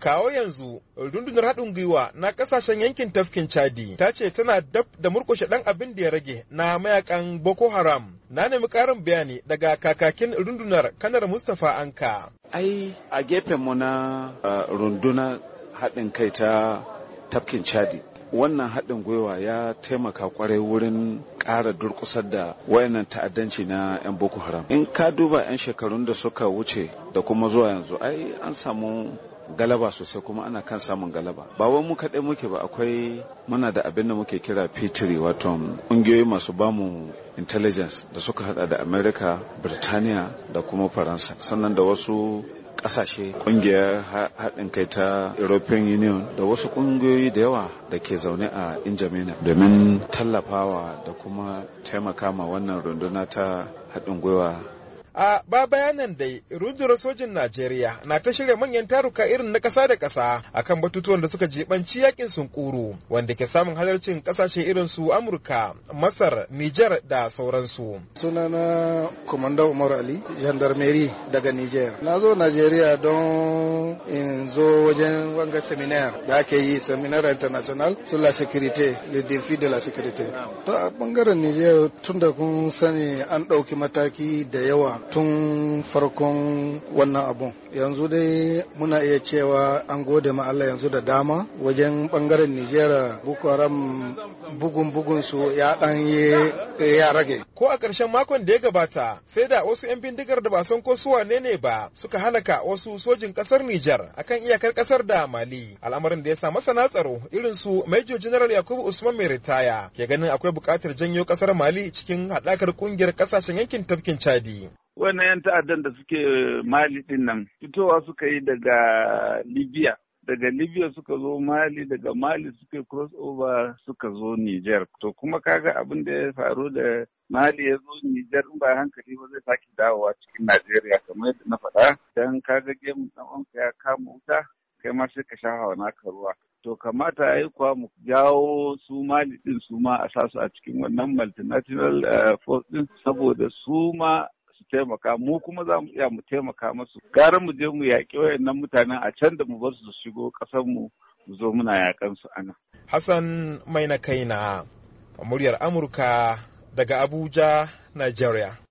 kawo yanzu rundunar haɗin gwiwa na ƙasashen yankin tafkin chadi ta ce tana dab da murkushe ɗan abin da ya rage na mayakan boko haram na nemi ƙarin bayani daga kakakin rundunar kanar mustapha anka ai a mu na uh, rundunar haɗin kai ta tafkin chadi wannan haɗin gwiwa ya taimaka kwarai wurin ƙara durƙusar da wayannan ta'addanci na 'yan boko haram in ka duba 'yan shekarun da suka wuce da kuma zuwa yanzu ai an samu galaba sosai kuma ana kan samun galaba ba wai mu kaɗai muke ba akwai muna da abin da muke kira pitiri wato ƙungiyoyi masu bamu intelligence da suka hada da america birtaniya da kuma faransa sannan da wasu ƙasashe ƙungiyar haɗin kai ta european union da wasu ƙungiyoyi da yawa da ke zaune a injamina domin tallafawa da kuma taimaka ma wannan runduna ta haɗin gwiwa a ba bayanan da rundunar sojin najeriya na ta shirya manyan taruka irin na ƙasa da ƙasa akan batutuwan da suka jibanci yakin sunkuru wanda ke samun halarcin ƙasashe irin su amurka masar Nijar da sauransu sunana komanda umar ali gendarmerie daga niger na zo najeriya don in zo wajen wanga seminar da ake yi seminar international sur la sécurité le défi de la sécurité a bangaren tun tunda kun sani an ɗauki mataki da yawa tun farkon wannan abun yanzu dai muna iya cewa an gode ma Allah yanzu da dama wajen bangaren Nijera Boko Haram bugun bugun su ya dan ya rage ko a ƙarshen makon da ya gabata sai da wasu 'yan bindigar da ba san ko suwa ne ne ba suka halaka wasu sojin ƙasar Nijar akan iyakar ƙasar da Mali al'amarin da ya sa masana tsaro irin su Major General Yakubu Usman mai ritaya ke ganin akwai buƙatar janyo ƙasar Mali cikin haɗakar ƙungiyar ƙasashen yankin tafkin Chadi wannan 'yan ta'addan da suke mali din nan fitowa suka yi daga libya daga libya suka zo mali daga mali suka cross over suka zo niger to kuma kaga abin da ya faru da mali ya zo niger in ba hankali ba zai sake dawowa cikin najeriya kamar yadda na faɗa dan kaga gemu ɗan wanka ya kama wuta kai ma sai ka sha hawa naka ruwa to kamata ya yi kuwa mu jawo su mali din su ma a sasu a cikin wannan multinational eh, force din saboda su ma taimaka mu kuma za mu iya mu taimaka masu gara mu je mu yaƙi wayannan mutanen a can da mu bar su shigo ƙasar mu mu zo muna yaƙan su ana Hassan mai Maina Kaina muryar Amurka daga Abuja Nigeria